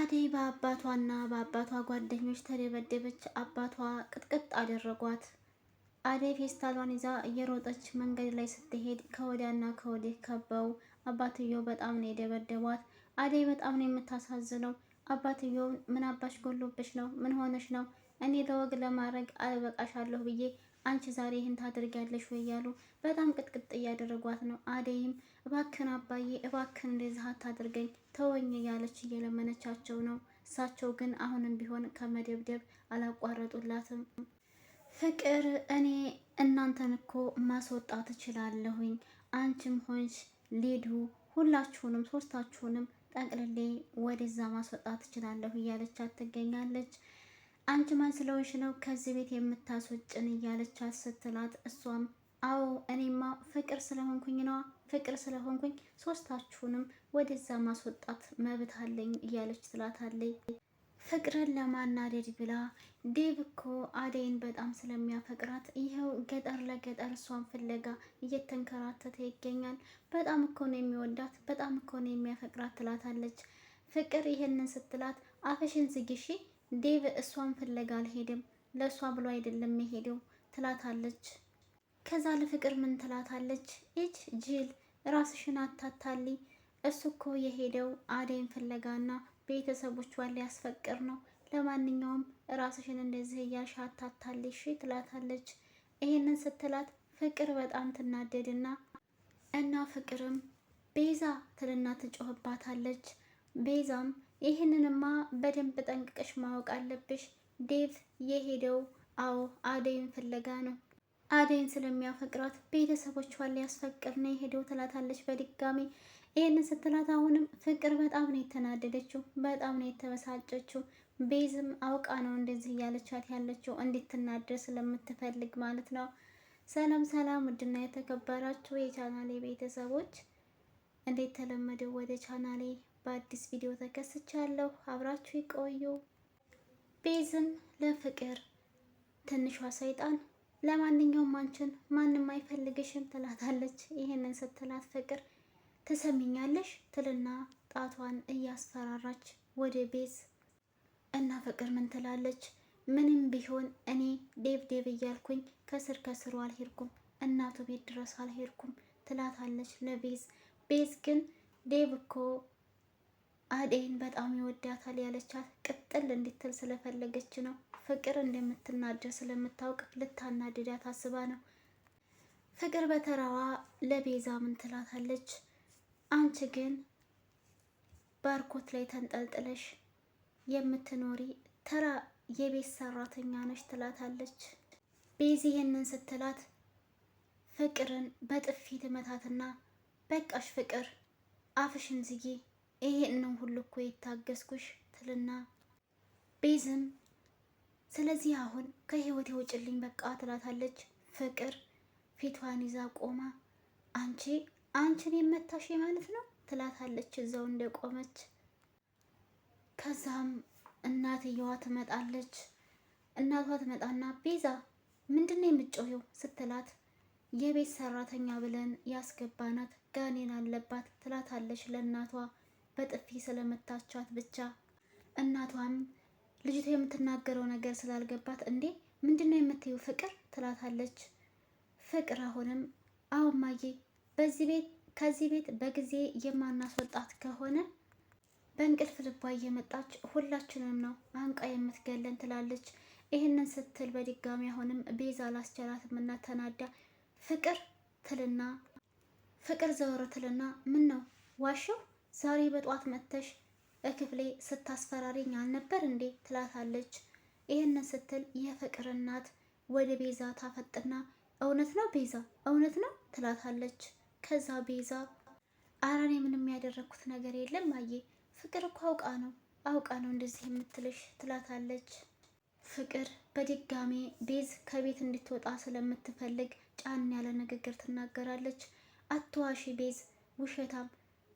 አደይ በአባቷና በአባቷ ጓደኞች ተደበደበች። አባቷ ቅጥቅጥ አደረጓት። አደይ ፌስታሏን ይዛ እየሮጠች መንገድ ላይ ስትሄድ ከወዲያና ከወዲህ ከበው አባትየው በጣም ነው የደበደቧት። አደይ በጣም ነው የምታሳዝነው። አባትየውን ምን አባሽ ጎሎብሽ ነው? ምን ሆነሽ ነው? እኔ ለወግ ለማድረግ አበቃሻለሁ ብዬ አንቺ ዛሬ ይህን ታደርጊያለሽ ወይ እያሉ በጣም ቅጥቅጥ እያደረጓት ነው። አደይም እባክን አባዬ እባክን እንደዚህ አታድርገኝ ተወኝ እያለች እየለመነቻቸው ነው። እሳቸው ግን አሁንም ቢሆን ከመደብደብ አላቋረጡላትም። ፍቅር እኔ እናንተን እኮ ማስወጣት እችላለሁኝ፣ አንቺም ሆንሽ ሊዱ ሁላችሁንም ሶስታችሁንም ጠቅልሌ ወደዛ ማስወጣት እችላለሁ እያለቻት ትገኛለች። አንቺ ማን ስለሆንሽ ነው ከዚህ ቤት የምታስወጭን? እያለች ስትላት እሷም አዎ እኔማ ፍቅር ስለሆንኩኝ ነዋ ፍቅር ስለሆንኩኝ ሶስታችሁንም ወደዛ ማስወጣት መብት አለኝ እያለች ትላታለች። ፍቅርን ለማናደድ ብላ ዴቭ እኮ አደይን በጣም ስለሚያፈቅራት ይኸው ገጠር ለገጠር እሷን ፍለጋ እየተንከራተተ ይገኛል። በጣም እኮ ነው የሚወዳት፣ በጣም እኮ ነው የሚያፈቅራት ትላታለች። ፍቅር ይህንን ስትላት አፍሽን ዝጊ ዴቭ እሷን ፍለጋ አልሄድም ለእሷ ብሎ አይደለም የሄደው ትላታለች። ከዛ ለፍቅር ምን ትላታለች? ይች ጅል ራስሽን አታታሊ፣ እሱ እኮ የሄደው አደይን ፍለጋና ቤተሰቦቿን ሊያስፈቅር ነው። ለማንኛውም ራስሽን እንደዚህ እያልሽ አታታሊ እሺ ትላታለች። ይሄንን ስትላት ፍቅር በጣም ትናደድና እና ፍቅርም ቤዛ ትልና ትጮህባታለች። ቤዛም ይህንንማ በደንብ ጠንቅቀሽ ማወቅ አለብሽ። ዴቭ የሄደው አዎ አደይን ፍለጋ ነው። አደይን ስለሚያፈቅራት ቤተሰቦቿን ሊያስፈቅር ነው የሄደው ትላታለች በድጋሚ። ይህንን ስትላት አሁንም ፍቅር በጣም ነው የተናደደችው፣ በጣም ነው የተበሳጨችው። ቤዝም አውቃ ነው እንደዚህ እያለቻት ያለችው እንድትናደድ ስለምትፈልግ ማለት ነው። ሰላም ሰላም፣ ውድና የተከበራችሁ የቻናሌ ቤተሰቦች እንዴት ተለመደው ወደ ቻናሌ በአዲስ ቪዲዮ ተከስቻለሁ። አብራችሁ ይቆዩ። ቤዝም ለፍቅር ትንሿ ሰይጣን ለማንኛውም አንቺን ማንም አይፈልግሽም ትላታለች። ይህንን ስትላት ፍቅር ትሰሚኛለሽ ትልና ጣቷን እያስፈራራች ወደ ቤዝ እና ፍቅር ምን ትላለች? ምንም ቢሆን እኔ ዴብ ዴብ እያልኩኝ ከስር ከስሩ አልሄድኩም፣ እናቱ ቤት ድረስ አልሄድኩም ትላታለች ለቤዝ። ቤዝ ግን ዴብ እኮ አደይን በጣም ይወዳታል ያለቻት ቅጥል እንድትል ስለፈለገች ነው። ፍቅር እንደምትናደር ስለምታውቅ ልታናድዳት አስባ ነው። ፍቅር በተራዋ ለቤዛ ምን ትላታለች? አንቺ ግን ባርኮት ላይ ተንጠልጥለሽ የምትኖሪ ተራ የቤት ሰራተኛ ነሽ ትላታለች። ቤዚ ይህንን ስትላት ፍቅርን በጥፊ ትመታትና በቃሽ ፍቅር አፍሽን ዝጊ ይሄን ነው ሁሉ እኮ የታገስኩሽ ትልና ቤዝም ስለዚህ አሁን ከህይወት ውጭልኝ በቃ ትላታለች። ፍቅር ፊቷን ይዛ ቆማ አንቺ አንቺን የመታሽ ማለት ነው ትላታለች እዛው እንደቆመች። ከዛም እናትየዋ ትመጣለች። እናቷ ትመጣና ቤዛ ምንድነው የምጮኸው ስትላት የቤት ሰራተኛ ብለን ያስገባናት ጋኔን አለባት ትላታለች ለእናቷ በጥፊ ስለመታቻት ብቻ እናቷም ልጅቷ የምትናገረው ነገር ስላልገባት እንዴ ምንድነው የምትይው ፍቅር ትላታለች። ፍቅር አሁንም አሁን ማዬ በዚህ ቤት ከዚህ ቤት በጊዜ የማናስወጣት ከሆነ በእንቅልፍ ልቧ እየመጣች ሁላችንም ነው አንቃ የምትገለን ትላለች። ይህንን ስትል በድጋሚ አሁንም ቤዛ ላስቸራትም እና ተናዳ ፍቅር ትልና ፍቅር ዘወር ትልና ምን ነው ዋሸው ዛሬ በጧት መጥተሽ በክፍሌ ስታስፈራሪኝ አልነበር እንዴ ትላታለች። ይህንን ስትል የፍቅር እናት ወደ ቤዛ ታፈጥና እውነት ነው ቤዛ እውነት ነው ትላታለች። ከዛ ቤዛ አረ እኔ ምንም ያደረግኩት ነገር የለም አየ ፍቅር እኮ አውቃ ነው አውቃ ነው እንደዚህ የምትልሽ ትላታለች። ፍቅር በድጋሜ ቤዝ ከቤት እንድትወጣ ስለምትፈልግ ጫን ያለ ንግግር ትናገራለች። አትዋሺ ቤዝ ውሸታም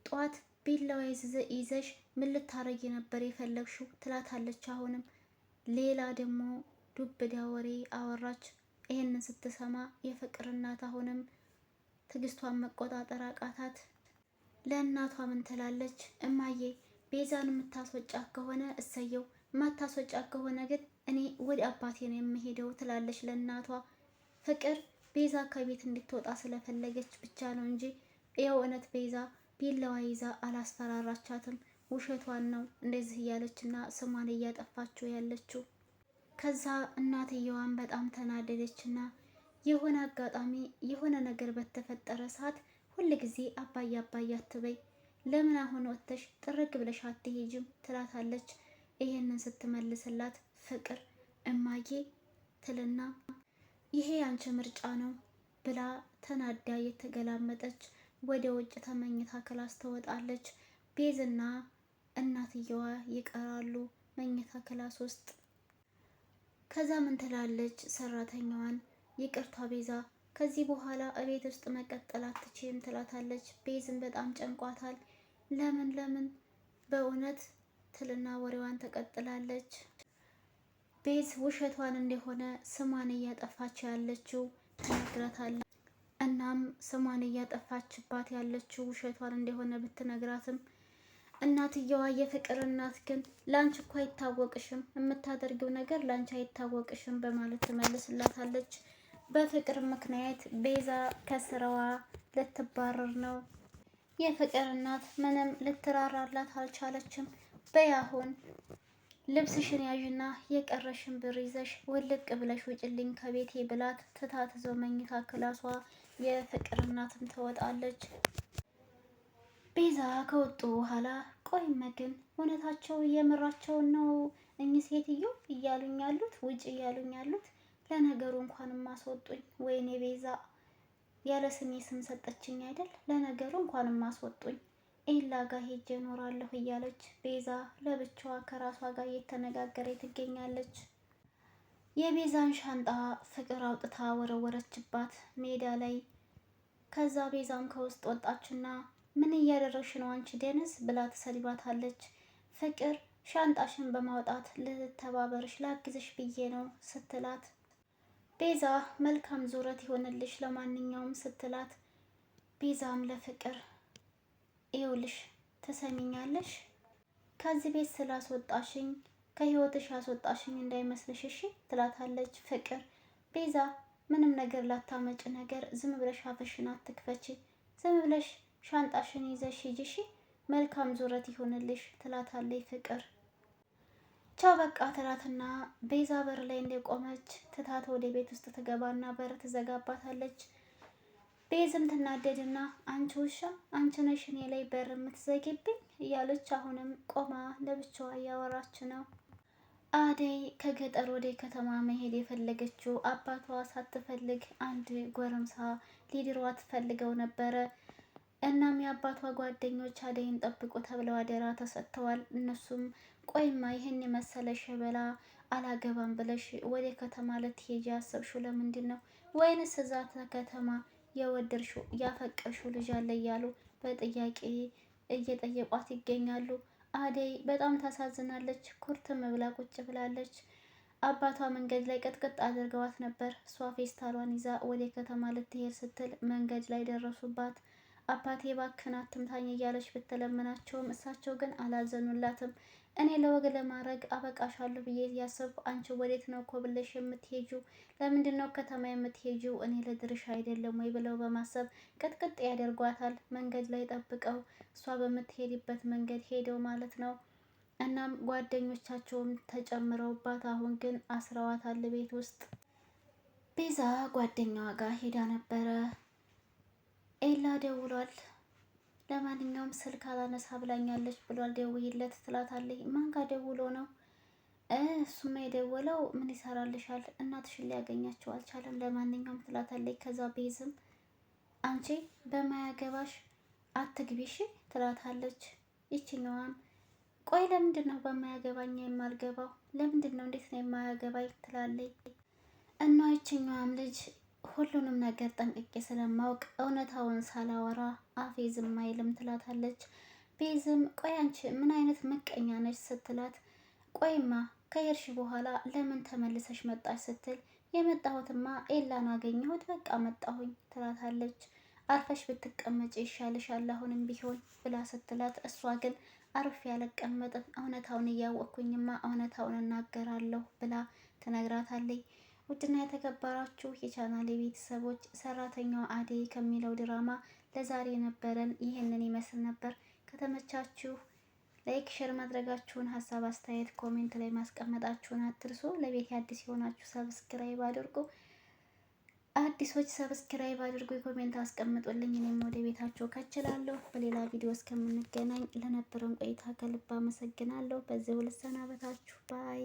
ጠዋት ቢላዋ ይዘሽ ምን ልታረጊ ነበር የፈለግሽው? ትላታለች። አሁንም ሌላ ደግሞ ዱብ እዳ ወሬ አወራች። ይህንን ስትሰማ የፍቅር እናት አሁንም ትግስቷን መቆጣጠር አቃታት። ለእናቷ ምን ትላለች? እማዬ ቤዛን የምታስወጫ ከሆነ እሰየው፣ የማታስወጫት ከሆነ ግን እኔ ወደ አባቴ ነው የምሄደው ትላለች ለእናቷ። ፍቅር ቤዛ ከቤት እንድትወጣ ስለፈለገች ብቻ ነው እንጂ ይኸው ቤዛ ቢላዋ ይዛ አላስፈራራቻትም። ውሸቷን ነው እንደዚህ እያለች እና ስሟን እያጠፋችው ያለችው። ከዛ እናትየዋን በጣም ተናደደች እና የሆነ አጋጣሚ የሆነ ነገር በተፈጠረ ሰዓት ሁል ጊዜ አባዬ አባዬ አትበይ፣ ለምን አሁን ወጥተሽ ጥርግ ብለሽ አትሄጅም? ትላታለች። ይሄንን ስትመልስላት ፍቅር እማዬ ትልና ይሄ አንቺ ምርጫ ነው ብላ ተናዳ የተገላመጠች ወደ ውጭ ተመኝታ ክላስ ትወጣለች። ቤዝና እናትየዋ ይቀራሉ መኝታ ክላስ ውስጥ። ከዛ ምን ትላለች ሰራተኛዋን፣ ይቅርታ ቤዛ፣ ከዚህ በኋላ እቤት ውስጥ መቀጠል አትችም ትላታለች። ቤዝን በጣም ጨንቋታል። ለምን ለምን በእውነት ትልና ወሬዋን ተቀጥላለች። ቤዝ ውሸቷን እንደሆነ ስሟን እያጠፋች ያለችው ትነግራታለች። እናም ስሟን እያጠፋችባት ያለችው ውሸቷን እንደሆነ ብትነግራትም እናትየዋ የፍቅር እናት ግን ላንቺ እኮ አይታወቅሽም፣ የምታደርጊው ነገር ላንቺ አይታወቅሽም በማለት ትመልስላታለች። በፍቅር ምክንያት ቤዛ ከስራዋ ልትባረር ነው። የፍቅር እናት ምንም ልትራራላት አልቻለችም። በያሁን ልብስሽን ያዥና የቀረሽን ብር ይዘሽ ውልቅ ብለሽ ውጭልኝ ከቤቴ ብላት ትታት ዘው መኝታ ክላሷ የፍቅር እናትም ትወጣለች። ቤዛ ከወጡ በኋላ ቆይ መግን እውነታቸው የምራቸውን ነው እኚህ ሴትዮ እያሉኝ ያሉት ውጭ እያሉኝ ያሉት ለነገሩ እንኳን ማስወጡኝ። ወይኔ ቤዛ ያለ ስሜ ስም ሰጠችኝ አይደል? ለነገሩ እንኳን ማስወጡኝ። ኤላ ጋር ሄጄ እኖራለሁ እያለች ቤዛ ለብቻዋ ከራሷ ጋር እየተነጋገረ ትገኛለች። የቤዛን ሻንጣ ፍቅር አውጥታ ወረወረችባት ሜዳ ላይ። ከዛ ቤዛም ከውስጥ ወጣችና ምን እያደረግሽ ነው አንቺ ደንስ ብላ ትሰድባታለች። ፍቅር ሻንጣሽን በማውጣት ልተባበርሽ ላግዝሽ ብዬ ነው ስትላት ቤዛ መልካም ዙረት ይሆንልሽ ለማንኛውም ስትላት ቤዛም ለፍቅር ይኸውልሽ ትሰሚኛለሽ? ከዚህ ቤት ስላስወጣሽኝ ከህይወትሽ ያስወጣሽኝ እንዳይመስልሽ እሺ ትላታለች ፍቅር። ቤዛ ምንም ነገር ላታመጭ ነገር ዝም ብለሽ አፍሽን አትክፈች፣ ዝም ብለሽ ሻንጣሽን ይዘሽ ሂጂ እሺ፣ መልካም ዙረት ይሆንልሽ ትላታለች ፍቅር። ቻው በቃ ትላትና ቤዛ በር ላይ እንደቆመች ትታት ወደ ቤት ውስጥ ትገባና በር ትዘጋባታለች። ቤዝም ትናደድና አንቺ ውሻ አንቺ ነሽ እኔ ላይ በር የምትዘጊብኝ እያለች አሁንም ቆማ ለብቻዋ እያወራች ነው። አደይ ከገጠር ወደ ከተማ መሄድ የፈለገችው አባቷ ሳትፈልግ አንድ ጎረምሳ ሊድሯ ትፈልገው ነበረ። እናም የአባቷ ጓደኞች አደይን ጠብቁ ተብለው አደራ ተሰጥተዋል። እነሱም ቆይማ ይህን የመሰለ ሸበላ አላገባም ብለሽ ወደ ከተማ ልትሄጂ ያሰብሽው ለምንድን ነው? ወይንስ እዛ ከተማ የወደድሽው ያፈቀርሽው ልጅ አለ እያሉ በጥያቄ እየጠየቋት ይገኛሉ። አደይ በጣም ታሳዝናለች። ኩርትም ብላ ቁጭ ብላለች። አባቷ መንገድ ላይ ቅጥቅጥ አድርገዋት ነበር። እሷ ፌስታሏን ይዛ ወደ ከተማ ልትሄድ ስትል መንገድ ላይ ደረሱባት። አባቴ እባክህን አትምታኝ እያለች ብትለምናቸውም እሳቸው ግን አላዘኑላትም። እኔ ለወግ ለማድረግ አበቃሻለሁ ብዬ ያሰብኩ አንቺ ወዴት ነው እኮ ብለሽ የምትሄጂው? ለምንድን ነው ከተማ የምትሄጂው? እኔ ለድርሻ አይደለም ወይ ብለው በማሰብ ቅጥቅጥ ያደርጓታል። መንገድ ላይ ጠብቀው እሷ በምትሄድበት መንገድ ሄደው ማለት ነው። እናም ጓደኞቻቸውም ተጨምረውባት አሁን ግን አስረዋታል ቤት ውስጥ። ቤዛ ጓደኛዋ ጋር ሄዳ ነበረ። ኤላ ደውሏል። ለማንኛውም ስልክ አላነሳ ብላኛለች ብሏል፣ ደውይለት ትላታለች። ማን ጋር ደውሎ ነው? እሱማ የደወለው ምን ይሰራልሻል? እናትሽን ሊያገኛቸው አልቻለም። ለማንኛውም ትላታለች። ከዛ ቤዝም አንቺ በማያገባሽ አትግቢሽ ትላታለች። ይችኛዋም ቆይ ለምንድን ነው በማያገባኝ የማልገባው? ለምንድን ነው እንዴት ነው የማያገባኝ? ትላለች እና ይችኛዋም ልጅ ሁሉንም ነገር ጠንቅቄ ስለማውቅ እውነታውን ሳላወራ አፌ ዝም አይልም ትላታለች። ቤዝም ቆይ አንቺ ምን አይነት ምቀኛ ነች ስትላት፣ ቆይማ ከየርሽ በኋላ ለምን ተመልሰሽ መጣሽ ስትል የመጣሁትማ ኤላን አገኘሁት በቃ መጣሁኝ ትላታለች። አርፈሽ ብትቀመጭ ይሻልሻል አሁንም ቢሆን ብላ ስትላት፣ እሷ ግን አርፌ አልቀመጥም እውነታውን እያወቅኩኝማ እውነታውን እናገራለሁ ብላ ትነግራታለች። ውድና የተከበራችሁ የቻናል የቤተሰቦች ሰራተኛዋ አደይ ከሚለው ድራማ ለዛሬ የነበረን ይህንን ይመስል ነበር። ከተመቻችሁ ላይክ፣ ሸር ማድረጋችሁን፣ ሀሳብ አስተያየት ኮሜንት ላይ ማስቀመጣችሁን አትርሱ። ለቤት አዲስ የሆናችሁ ሰብስክራይብ አድርጉ። አዲሶች ሰብስክራይብ አድርጉ፣ ኮሜንት አስቀምጡልኝ። እኔም ወደ ቤታቸው ከችላለሁ። በሌላ ቪዲዮ እስከምንገናኝ ለነበረን ቆይታ ከልብ አመሰግናለሁ። በዚህ ልሰናበታችሁ ባይ